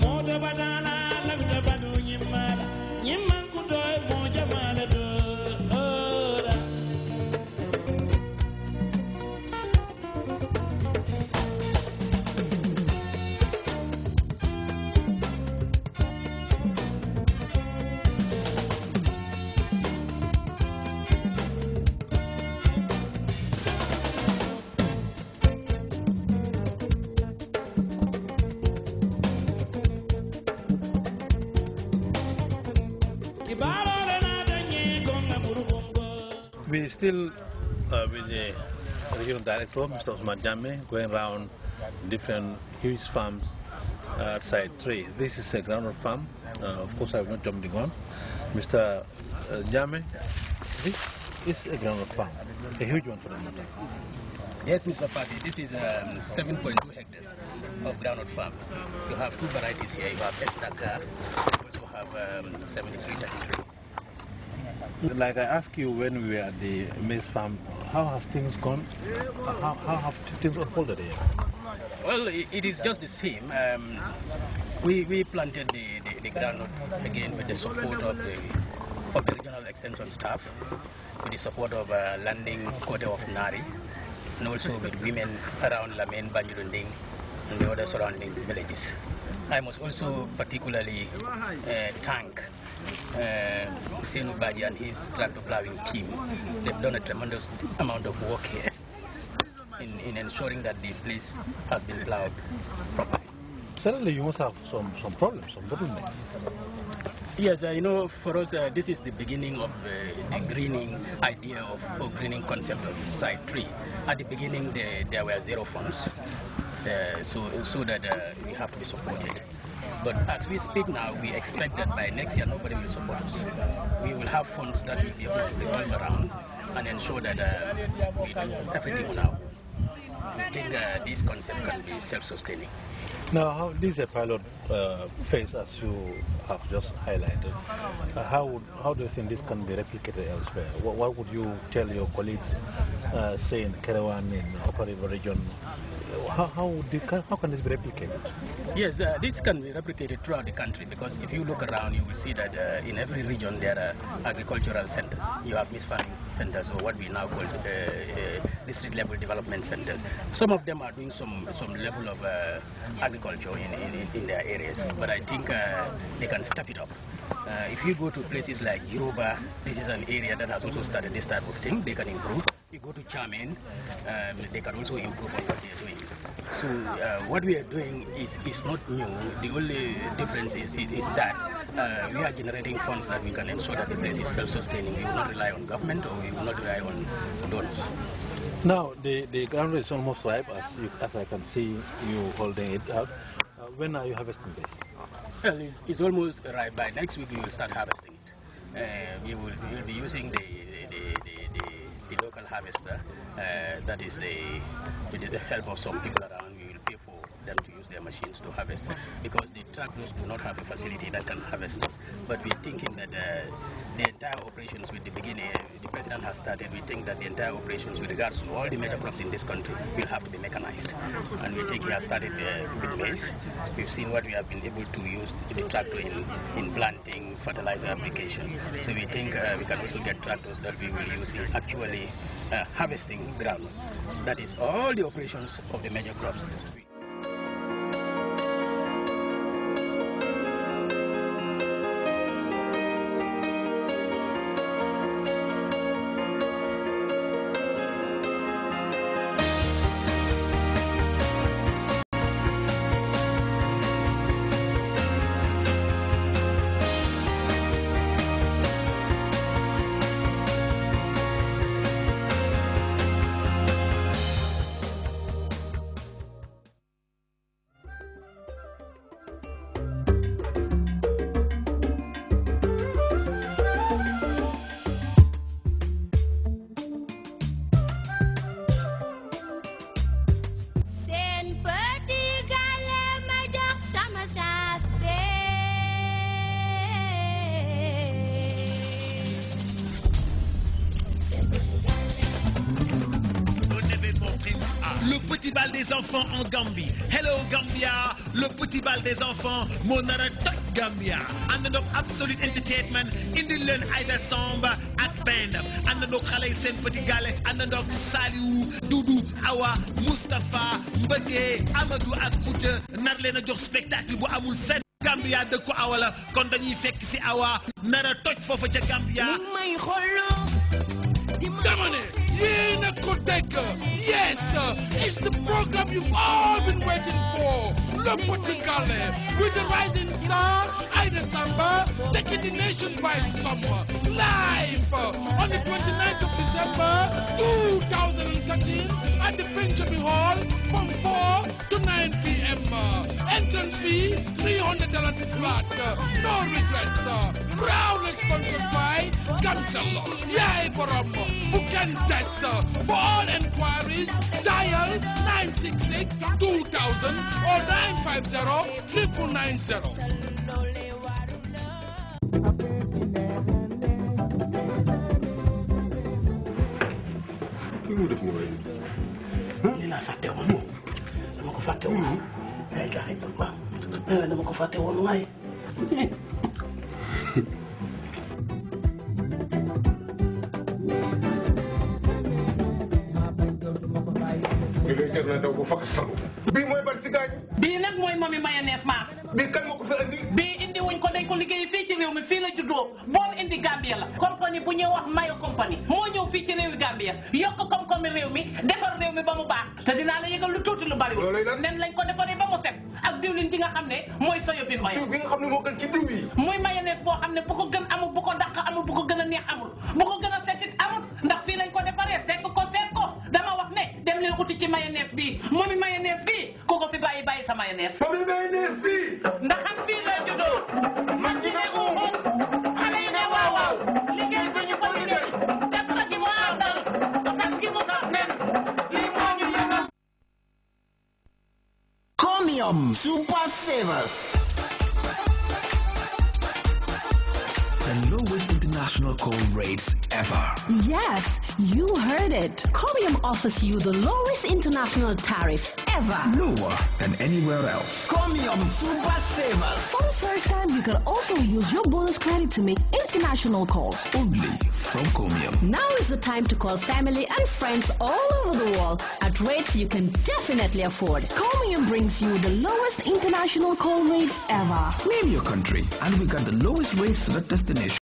moto batala We still, uh, with the regional director, Mr. Osman Jame, going around different huge farms outside uh, three. This is a groundnut farm. Uh, of course, I have not jumped the gun. Mr. Uh, Jame. this is a groundnut farm, a huge one for the matter. Yes, Mr. Fati, this is um, 7.2 hectares of groundnut farm. You have two varieties here. You have Estaka, you also have um, like I asked you when we were at the maize farm, how has things gone? How, how have things unfolded here? Well, it is just the same. Um, we, we planted the, the, the groundnut again with the support of the, of the regional extension staff, with the support of uh, landing quarter of Nari, and also with women around Lamen, Banjurunding, and the other surrounding villages. I must also particularly uh, thank uh, Hussein Ubadi and his tractor plowing team. They've done a tremendous amount of work here in, in ensuring that the place has been plowed properly. Certainly you must have some, some problems, some bottlenecks. Yes, uh, you know, for us, uh, this is the beginning of uh, the greening idea of or greening concept of site three. At the beginning, there were zero funds, uh, so so that uh, we have to be supported. But as we speak now, we expect that by next year, nobody will support us have funds that will be able to revolve around and ensure that uh, we do everything now. I think uh, this concept can be self-sustaining. Now, how, this is a pilot uh, phase, as you have just highlighted. Uh, how, would, how do you think this can be replicated elsewhere? What, what would you tell your colleagues, uh, say in Kerewan, in Upper River region, how, how, can, how can this be replicated? Yes, uh, this can be replicated throughout the country because if you look around, you will see that uh, in every region there are agricultural centers. You have mixed centers or what we now call uh, uh, district level development centers. Some of them are doing some, some level of uh, agriculture in, in, in, their areas, but I think uh, they can step it up. if you go to places like Yoruba, this is an area that has also started this type of thing, they can improve. You go to Charmin, um, they can also improve on what they're doing. So uh, what we are doing is, is not new. The only difference is, is, that uh, we are generating funds that we can ensure that the place is self-sustaining. We will not rely on government or we will not rely on donors. Now, the, the ground is almost ripe, as, you, as I can see you holding it up. Uh, when are you harvesting this? Well, it's, it's almost ripe. By next week, we will start harvesting it. Uh, we will, we will be using the, the harvester. Uh, that is the, with the help of some people around, we will pay for them to use their machines to harvest because Cyprus do not have a facility that can harvest But we're thinking that uh, the entire operations with the beginning, uh, the president has started, we think that the entire operations with regards to all the major crops in this country will have to be mechanized. And we think he has started uh, with maize. We've seen what we have been able to use the tractor in, in planting, fertilizer application. So we think uh, we can also get tractors that we will use in actually uh, harvesting ground. That is all the operations of the major crops. Balle des enfants en Gambie hello Gambia le petit bal des enfants moo Gambia, and the Gambia Absolute Entertainment the leen Aïda Samba at bandam and xale yi seen petit gale àndandoog Saliou Doudou Awa Moustapha Mbëggee Amadou ak Khouta n'a spectacle bu amul fenn Gambia quoi Awa la kon dañuy fekk ci Awa nara toj Gambia program you've all been waiting for. you got Calais, with the rising star, Ida Samba, taking the nation by storm. Live uh, on the 29th of December 2013 at the Benjamin Hall from 4 to 9 p.m. Uh, entrance fee, $300 flat. Uh, no regrets. Proudly sponsored by Kansel yaay borom bu kenn des for all enquiries dial 966 2000 or 950 9990 li mu def nii waaye. li laa fàtte woon moom dama ko fàtte woon. waaye gars yi waaw dama ko fàtte woon waaye. dina daw ba bii mooy ban si gaañ bii nag mooy momi mayonnaise maas bii kan moo ko fi indi bii indi wuñ ko dañ ko liggéey fii ci réew mi fii la juddoo bool indi Gambia la compagnie bu ñuy wax mayo compagnie moo ñëw fii ci réewi Gambia yokk koom-koomi réew mi defar réew mi ba mu baax te dinaa la yëgal lu tuuti lu bariwul nen lañ ko defaree ba mu set ak diwlin bi nga xam ne mooy soyo bi mayo diw nga xam ne moo gën ci diw muy mayonnaise boo xam ne bu ko gën amul mayonnaise. famille mayonnaise bi. ndax fii la juddoo. man ñi ne uuxum. xale yi ne waaw waaw. liggéey bi ñu ko liggéey. cafka gi moo am dal. saf gi mu saf nen. lii moo ñu yëgal. Comium Super Savers. national call rates ever. Yes, you heard it. Comium offers you the lowest international tariff ever. Lower than anywhere else. Cobium Super Savers. For the first time, you can also use your bonus credit to make international calls. Only from Comium. Now is the time to call family and friends all over the world at rates you can definitely afford. Comium brings you the lowest international call rates ever. Name your country and we got the lowest rates to that destination.